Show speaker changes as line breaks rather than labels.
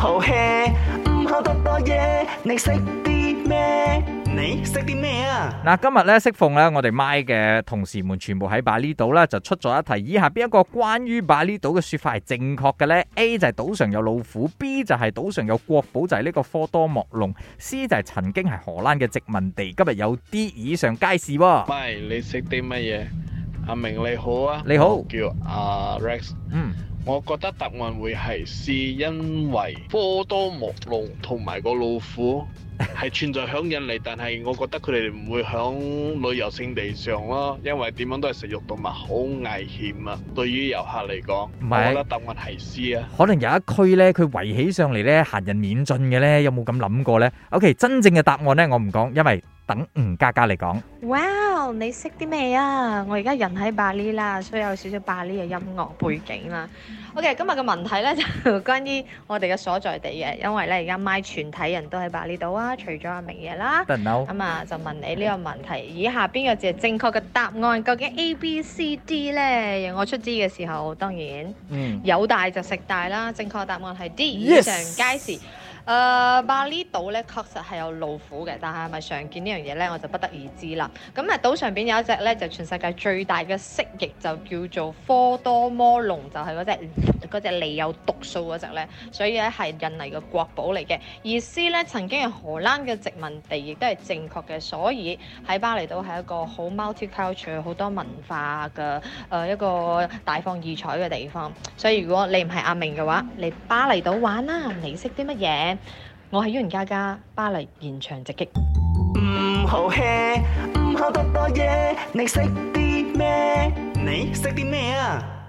好 hea，唔好得多嘢。你識啲咩？你識啲咩啊？嗱，今日咧釋放咧，我哋麥嘅同事們全部喺巴厘島咧，就出咗一題。以下邊一個關於巴厘島嘅說法係正確嘅咧？A 就係島上有老虎，B 就係島上有國寶就係呢個科多莫龍，C 就係曾經係荷蘭嘅殖民地，今日有 D 以上皆是、啊」。喂，
你識啲乜嘢？阿明你好啊，你好，叫阿 Rex。嗯。我覺得答案會係 C，因為科莫多龍同埋個老虎係存在響印尼，但係我覺得佢哋唔會響旅遊勝地上咯，因為點樣都係食肉動物，好危險啊！對於遊客嚟講，我覺得答案係 C 啊。唔係，
可能有一區咧，佢圍起上嚟咧，閒人免進嘅咧，有冇咁諗過咧？OK，真正嘅答案咧，我唔講，因為等吳家家嚟講。
哇！你識啲咩啊？我而家人喺巴厘啦，所以有少少巴厘嘅音樂背景啦。OK，今日嘅問題咧就關於我哋嘅所在地嘅，因為咧而家咪全體人都喺巴厘島啊，除咗阿明爺啦。咁啊，就問你呢個問題，以下邊個字係正確嘅答案？究竟 A、B、C、D 呢？我出啲嘅時候，當然有大就食大啦。正確答案係 D，Yes. 以上皆是。誒、uh, 巴厘島咧確實係有老虎嘅，但係咪常見這件事呢樣嘢咧，我就不得而知啦。咁啊，島上面有一隻咧，就全世界最大嘅蜥蜴，就叫做科多摩龍，就係嗰隻嗰隻脷有毒素嗰隻咧。所以咧係印尼嘅國寶嚟嘅。意思咧曾經係荷蘭嘅殖民地，亦都係正確嘅。所以喺巴厘島係一個好 multi culture 好多文化嘅、呃、一個大放異彩嘅地方。所以如果你唔係阿明嘅話，嚟巴厘島玩啦，你識啲乜嘢？我係演員佳佳，巴黎現場直擊。
唔好吃，唔好多多嘢，你識啲咩？你識啲咩啊？